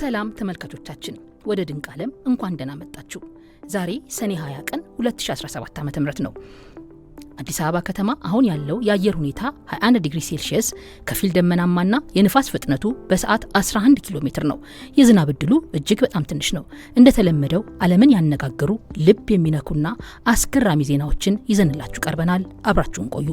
ሰላም ተመልካቾቻችን፣ ወደ ድንቅ ዓለም እንኳን ደህና መጣችሁ። ዛሬ ሰኔ 20 ቀን 2017 ዓ ም ነው። አዲስ አበባ ከተማ አሁን ያለው የአየር ሁኔታ 21 ዲግሪ ሴልሺየስ ከፊል ደመናማና የንፋስ ፍጥነቱ በሰዓት 11 ኪሎ ሜትር ነው። የዝናብ እድሉ እጅግ በጣም ትንሽ ነው። እንደተለመደው ዓለምን ያነጋገሩ ልብ የሚነኩና አስገራሚ ዜናዎችን ይዘንላችሁ ቀርበናል። አብራችሁን ቆዩ።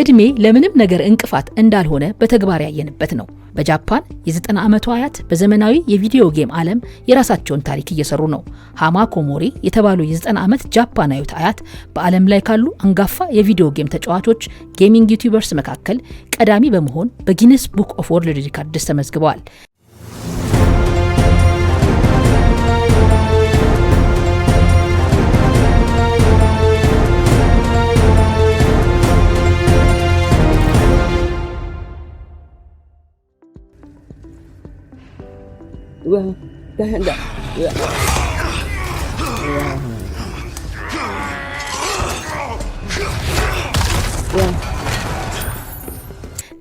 እድሜ ለምንም ነገር እንቅፋት እንዳልሆነ በተግባር ያየንበት ነው። በጃፓን የ90 ዓመቱ አያት በዘመናዊ የቪዲዮ ጌም ዓለም የራሳቸውን ታሪክ እየሰሩ ነው። ሃማ ኮሞሪ የተባሉ የ90 ዓመት ጃፓናዊት አያት በዓለም ላይ ካሉ አንጋፋ የቪዲዮ ጌም ተጫዋቾች ጌሚንግ ዩቲዩበርስ መካከል ቀዳሚ በመሆን በጊነስ ቡክ ኦፍ ወርልድ ሪካርድስ ተመዝግበዋል። うわ大変だうわうわ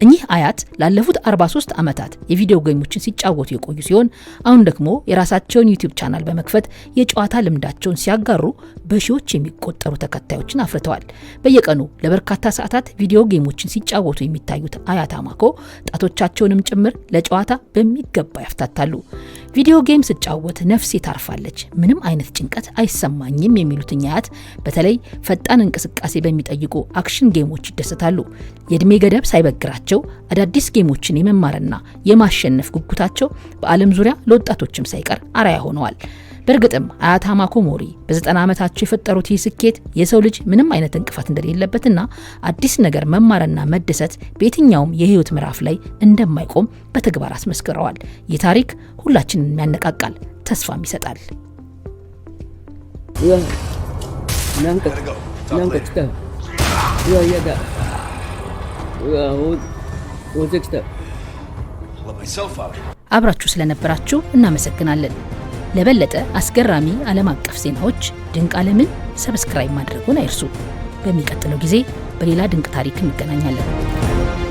እኚህ አያት ላለፉት 43 ዓመታት የቪዲዮ ጌሞችን ሲጫወቱ የቆዩ ሲሆን አሁን ደግሞ የራሳቸውን ዩቲዩብ ቻናል በመክፈት የጨዋታ ልምዳቸውን ሲያጋሩ በሺዎች የሚቆጠሩ ተከታዮችን አፍርተዋል። በየቀኑ ለበርካታ ሰዓታት ቪዲዮ ጌሞችን ሲጫወቱ የሚታዩት አያት አማኮ ጣቶቻቸውንም ጭምር ለጨዋታ በሚገባ ያፍታታሉ። ቪዲዮ ጌም ስጫወት ነፍሴ ታርፋለች፣ ምንም አይነት ጭንቀት አይሰማኝም የሚሉት አያት በተለይ ፈጣን እንቅስቃሴ በሚጠይቁ አክሽን ጌሞች ይደሰታሉ። የእድሜ ገደብ ሳይበግራቸው ያላቸው አዳዲስ ጌሞችን የመማርና የማሸነፍ ጉጉታቸው በዓለም ዙሪያ ለወጣቶችም ሳይቀር አርአያ ሆነዋል። በእርግጥም አያት ሃማኮ በ90 ዓመታቸው የፈጠሩት ይህ ስኬት የሰው ልጅ ምንም አይነት እንቅፋት እንደሌለበትና አዲስ ነገር መማርና መደሰት በየትኛውም የህይወት ምዕራፍ ላይ እንደማይቆም በተግባር አስመስክረዋል። ይህ ታሪክ ሁላችንን ያነቃቃል፣ ተስፋም ይሰጣል። አብራችሁ ስለነበራችሁ እናመሰግናለን። ለበለጠ አስገራሚ ዓለም አቀፍ ዜናዎች ድንቅ ዓለምን ሰብስክራይብ ማድረጉን አይርሱ። በሚቀጥለው ጊዜ በሌላ ድንቅ ታሪክ እንገናኛለን።